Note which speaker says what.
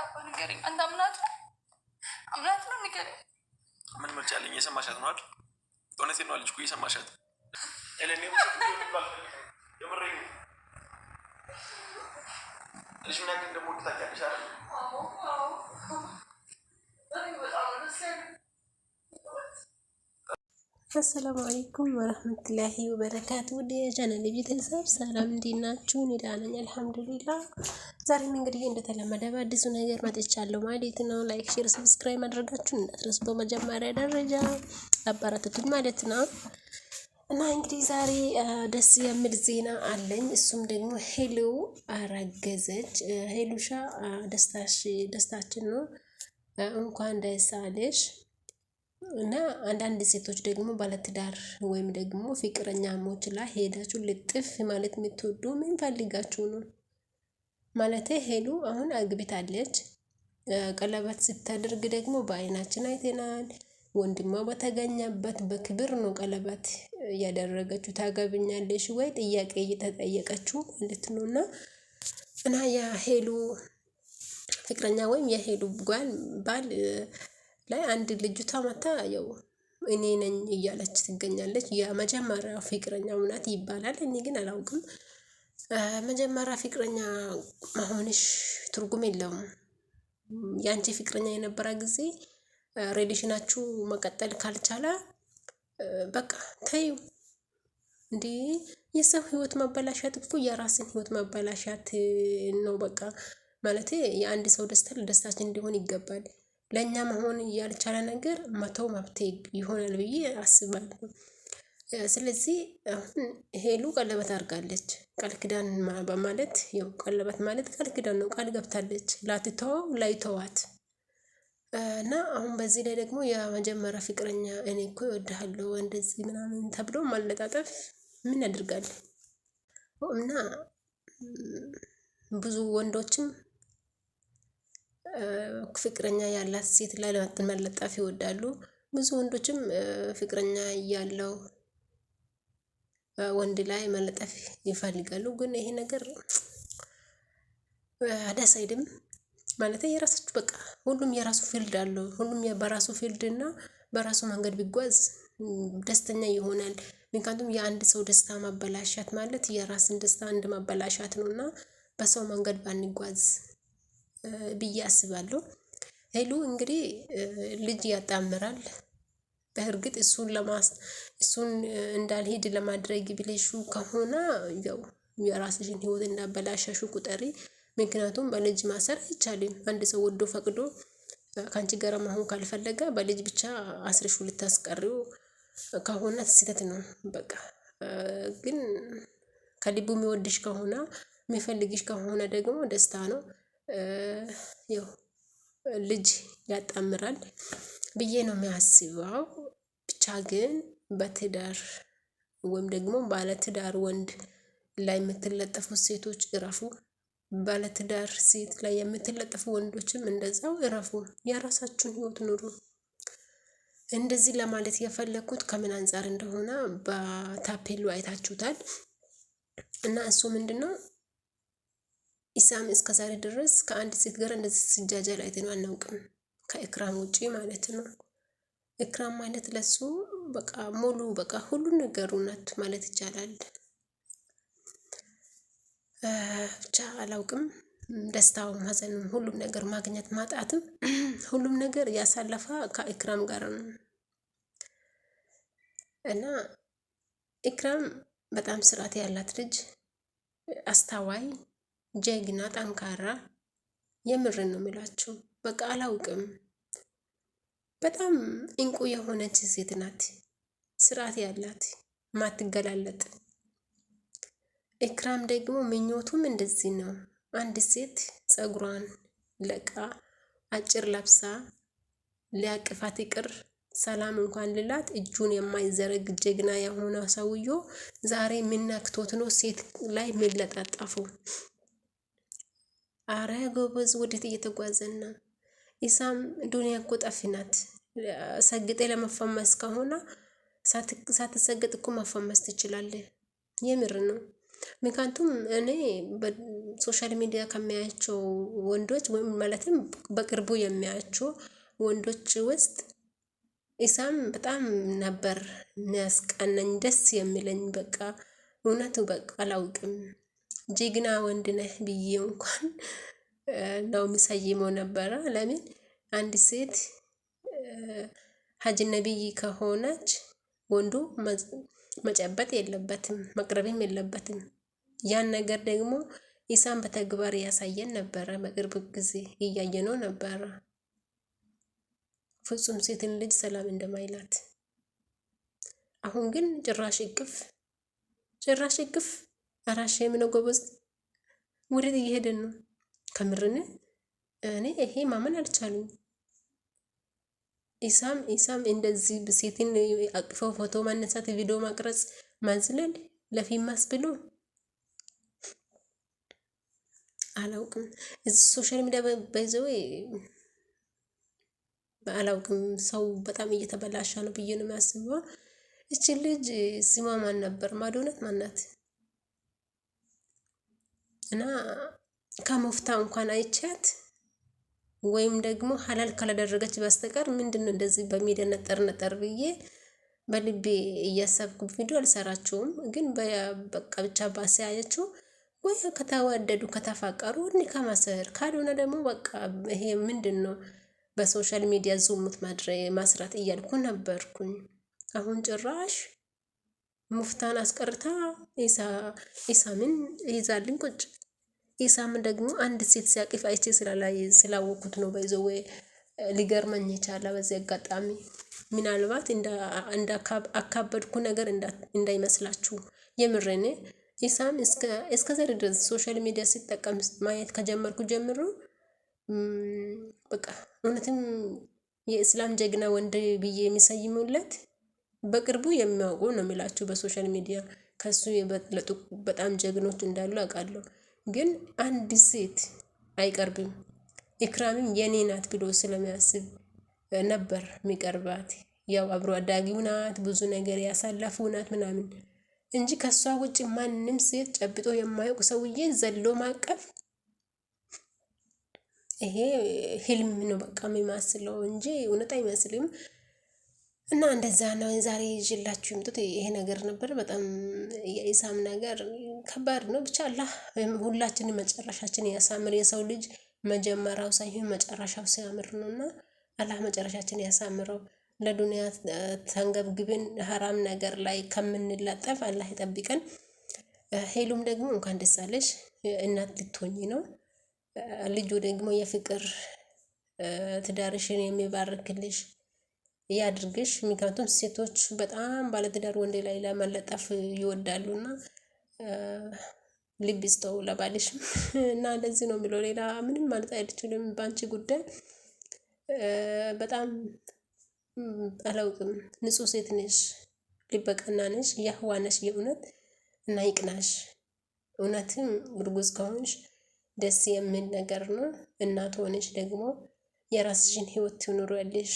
Speaker 1: አባ ንገረኝ። አንተ አምናት አምናት ነው ንገረኝ። ምን ምርጫ አለኝ? የሰማሻት ነው አይደል? እውነቴን ነው አለች እኮ የሰማሻት ልጅ ምን ያክል እንደምወድ አይደል? አሰላሙ አለይኩም ወረህመቱላሂ ወበረካቱ። ውድ የቻናል ቤተሰብ ሰላም እንዴት ናችሁ? እኔ ደህና ነኝ አልሐምዱሊላህ። ዛሬም እንግዲህ እንደተለመደ በአዲሱ ነገር መጥቻለሁ ማለት ነው። ላይክ፣ ሼር፣ ሰብስክራይብ ማድረጋችሁን እንዳትረሱ። በመጀመሪያ ደረጃ አባራትቱኝ ማለት ነው እና እንግዲህ ዛሬ ደስ የሚል ዜና አለኝ። እሱም ደግሞ ሄሉ አረገዘች። ሄሉሻ ደስታችን ነው። እንኳን ደስ አለሽ እና አንዳንድ ሴቶች ደግሞ ባለትዳር ወይም ደግሞ ፍቅረኛሞች ላይ ሄዳችሁ ልጥፍ ማለት የምትወዱ ምን ፈልጋችሁ ነው? ማለት ሄሉ አሁን አግብታለች። ቀለበት ስታደርግ ደግሞ በአይናችን አይተናል። ወንድሟ በተገኘበት በክብር ነው ቀለበት ያደረገችው ታገብኛለሽ ወይ ጥያቄ እየተጠየቀችው ማለት ነው። እና እና የሄሉ ፍቅረኛ ወይም የሄሉ ባል ላይ አንድ ልጅቷ መታ ያው እኔ ነኝ እያለች ትገኛለች። የመጀመሪያ ፍቅረኛ እውነት ይባላል። እኔ ግን አላውቅም። መጀመሪያ ፍቅረኛ መሆንሽ ትርጉም የለውም። የአንቺ ፍቅረኛ የነበረ ጊዜ ሬሌሽናችሁ መቀጠል ካልቻለ በቃ ተዩ። እንዲ የሰው ህይወት መበላሻት እኮ የራስን ህይወት መበላሻት ነው። በቃ ማለት የአንድ ሰው ደስታ ለደስታችን እንዲሆን ይገባል። ለእኛ መሆን ያልቻለ ነገር መተው መፍትሄ ይሆናል ብዬ አስባለሁ። ስለዚህ አሁን ሄሉ ቀለበት አድርጋለች ቃል ኪዳን በማለት ያው ቀለበት ማለት ቃል ኪዳን ነው ቃል ገብታለች ላትተወው ላይተዋት እና አሁን በዚህ ላይ ደግሞ የመጀመሪያ ፍቅረኛ እኔ እኮ ይወድሃለሁ እንደዚህ ምናምን ተብሎ ማለጣጠፍ ምን ያደርጋል? እና ብዙ ወንዶችም ፍቅረኛ ያላት ሴት ላይ መለጠፍ ይወዳሉ። ብዙ ወንዶችም ፍቅረኛ ያለው ወንድ ላይ መለጠፍ ይፈልጋሉ። ግን ይሄ ነገር ደስ አይልም። ማለት የራሳችሁ በቃ ሁሉም የራሱ ፊልድ አለው። ሁሉም በራሱ ፊልድ እና በራሱ መንገድ ቢጓዝ ደስተኛ ይሆናል። ምክንያቱም የአንድ ሰው ደስታ ማበላሻት ማለት የራስን ደስታ አንድ ማበላሻት ነው እና በሰው መንገድ ባንጓዝ ብዬ አስባለሁ። ሄሉ እንግዲህ ልጅ ያጣምራል። በእርግጥ እሱን ለማስ እሱን እንዳልሄድ ለማድረግ ብለሽው ከሆነ ያው የራስሽን ህይወት እንዳበላሸሽው ቁጠሪ። ምክንያቱም በልጅ ማሰር አይቻልም። አንድ ሰው ወዶ ፈቅዶ ከአንቺ ጋር መሆን ካልፈለገ በልጅ ብቻ አስርሹ ልታስቀሪው ከሆነ ስህተት ነው። በቃ ግን ከልቡ የሚወድሽ ከሆነ የሚፈልግሽ ከሆነ ደግሞ ደስታ ነው ያው ልጅ ያጣምራል ብዬ ነው የሚያስበው። ብቻ ግን በትዳር ወይም ደግሞ ባለትዳር ወንድ ላይ የምትለጠፉ ሴቶች እረፉ። ባለትዳር ሴት ላይ የምትለጠፉ ወንዶችም እንደዛው እረፉ። የራሳችሁን ህይወት ኑሩ። እንደዚህ ለማለት የፈለግኩት ከምን አንጻር እንደሆነ በታፔሉ አይታችሁታል። እና እሱ ምንድነው ኢሳም እስከዛሬ ድረስ ከአንድ ሴት ጋር እንደዚህ ሲጃጃል አይተነው አናውቅም፣ ከእክራም ውጪ ማለት ነው። እክራም ማለት ለሱ በቃ ሙሉ በቃ ሁሉ ነገሩ ናት ማለት ይቻላል። ብቻ አላውቅም፣ ደስታውም ሐዘኑም ሁሉም ነገር ማግኘት ማጣትም ሁሉም ነገር ያሳለፋ ከእክራም ጋር ነው እና እክራም በጣም ስርዓት ያላት ልጅ አስታዋይ ጀግና፣ ጠንካራ የምርን ነው የምላችሁ። በቃ አላውቅም። በጣም እንቁ የሆነች ሴት ናት። ስርዓት ያላት ማትገላለጥ። ኤክራም ደግሞ ምኞቱም እንደዚህ ነው። አንድ ሴት ጸጉሯን ለቃ አጭር ለብሳ ሊያቅፋት ይቅር ሰላም እንኳን ልላት እጁን የማይዘረግ ጀግና የሆነ ሰውዬ ዛሬ ምን ነክቶት ነው ሴት ላይ የሚለጣጠፈው? አረ ጎበዝ ወዴት እየተጓዘን ነው? ኢሳም ዱንያ እኮ ጠፊ ናት። ሰግጤ ለመፈመስ ከሆነ ሳትሰግጥ እኮ መፈመስ ትችላለህ። የምር ነው። ምክንያቱም እኔ በሶሻል ሚዲያ ከሚያያቸው ወንዶች ወይም ማለትም በቅርቡ የሚያያቸው ወንዶች ውስጥ ኢሳም በጣም ነበር የሚያስቀናኝ፣ ደስ የሚለኝ በቃ እውነቱ በቃ አላውቅም። ጀግና ወንድ ነህ ብዬ እንኳን ነው ምሰይመው ነበረ። ለምን አንድ ሴት ነቢይ ከሆነች ወንዱ መጨበጥ የለበትም መቅረብም የለበትም። ያን ነገር ደግሞ ኢሳም በተግባር ያሳየን ነበረ። በቅርብ ጊዜ እያየነው ነበረ። ፍጹም ሴትን ልጅ ሰላም እንደማይላት አሁን ግን ጭራሽ እቅፍ ጭራሽ እቅፍ አራሻ የምነው ጎበዝ ወዴት እየሄደን ነው? ከምርን እኔ ይሄ ማመን አልቻሉኝ። ኢሳም ኢሳም እንደዚህ ሴትን አቅፈው ፎቶ ማነሳት፣ ቪዲዮ ማቅረጽ፣ ማዝለል ለፊማስ ብሎ አላውቅም። እዚ ሶሻል ሚዲያ በይዘው አላውቅም። ሰው በጣም እየተበላሻ ነው ብዬ ነው የሚያስበው። እች ልጅ ስሟ ማን ነበር? ማዶነት ማናት? እና ከመፍታ እንኳን አይቻት ወይም ደግሞ ሀላል ካላደረገች በስተቀር ምንድን ነው እንደዚህ በሚዲያ ነጠር ነጠር ብዬ በልቤ እያሰብኩ ቪዲዮ አልሰራችውም። ግን በቃ ብቻ ባሰያየችው ወይ ከተወደዱ ከተፋቀሩ እኒ ከማሰር ካልሆነ ደግሞ በቃ ይሄ ምንድን ነው በሶሻል ሚዲያ ዝሙት ማድረ ማስራት እያልኩ ነበርኩኝ። አሁን ጭራሽ ሙፍታን አስቀርታ ኢሳምን ይዛልን ቁጭ ኢሳም ደግሞ አንድ ሴት ሲያቅፍ አይቼ ስላወኩት ነው። በይዘው ሊገርመኝ የቻለ በዚህ አጋጣሚ ምናልባት አካበድኩ ነገር እንዳይመስላችሁ የምረኔ ኢሳም እስከ ዛሬ ድረስ ሶሻል ሚዲያ ሲጠቀም ማየት ከጀመርኩ ጀምሮ በቃ እውነትም የእስላም ጀግና ወንድ ብዬ የሚሰይሙለት በቅርቡ የሚያውቁ ነው የሚላቸው በሶሻል ሚዲያ ከሱ የበለጡ በጣም ጀግኖች እንዳሉ አውቃለሁ። ግን አንድ ሴት አይቀርብም ኢክራምም የኔ ናት ብሎ ስለሚያስብ ነበር የሚቀርባት ያው አብሮ አዳጊው ናት ብዙ ነገር ያሳለፉ ናት ምናምን እንጂ ከእሷ ውጭ ማንም ሴት ጨብጦ የማያውቅ ሰውዬ ዘሎ ማቀፍ ይሄ ህልም ነው በቃ የሚመስለው እንጂ እውነት አይመስልም እና እንደዛ ነው ዛሬ ይዤላችሁ የምጡት ይሄ ነገር ነበር። በጣም የኢሳም ነገር ከባድ ነው። ብቻ አላህ ሁላችን መጨረሻችን ያሳምር። የሰው ልጅ መጀመሪያው ሳይሆን መጨረሻው ሲያምር ነው እና አላህ መጨረሻችን ያሳምረው። ለዱንያ ተንገብግብን ሀራም ነገር ላይ ከምንላጠፍ አላህ ይጠብቀን። ሄሉም ደግሞ እንኳን ደስ አለሽ፣ እናት ልትሆኝ ነው። ልጁ ደግሞ የፍቅር ትዳርሽን የሚባርክልሽ ያድርግሽ። ምክንያቱም ሴቶች በጣም ባለትዳር ወንድ ላይ ለመለጠፍ ይወዳሉና ልብ ይስጠው ለባልሽ እና እንደዚህ ነው የሚለው። ሌላ ምንም ማለት አይችልም። በአንቺ ጉዳይ በጣም አላውቅም። ንጹህ ሴት ነሽ፣ ልበቀና ነሽ፣ ያህዋ ነሽ የእውነት እና ይቅናሽ። እውነትም እርጉዝ ከሆንሽ ደስ የሚል ነገር ነው። እናት ሆነሽ ደግሞ የራስሽን ህይወት ትኑሩ ያለሽ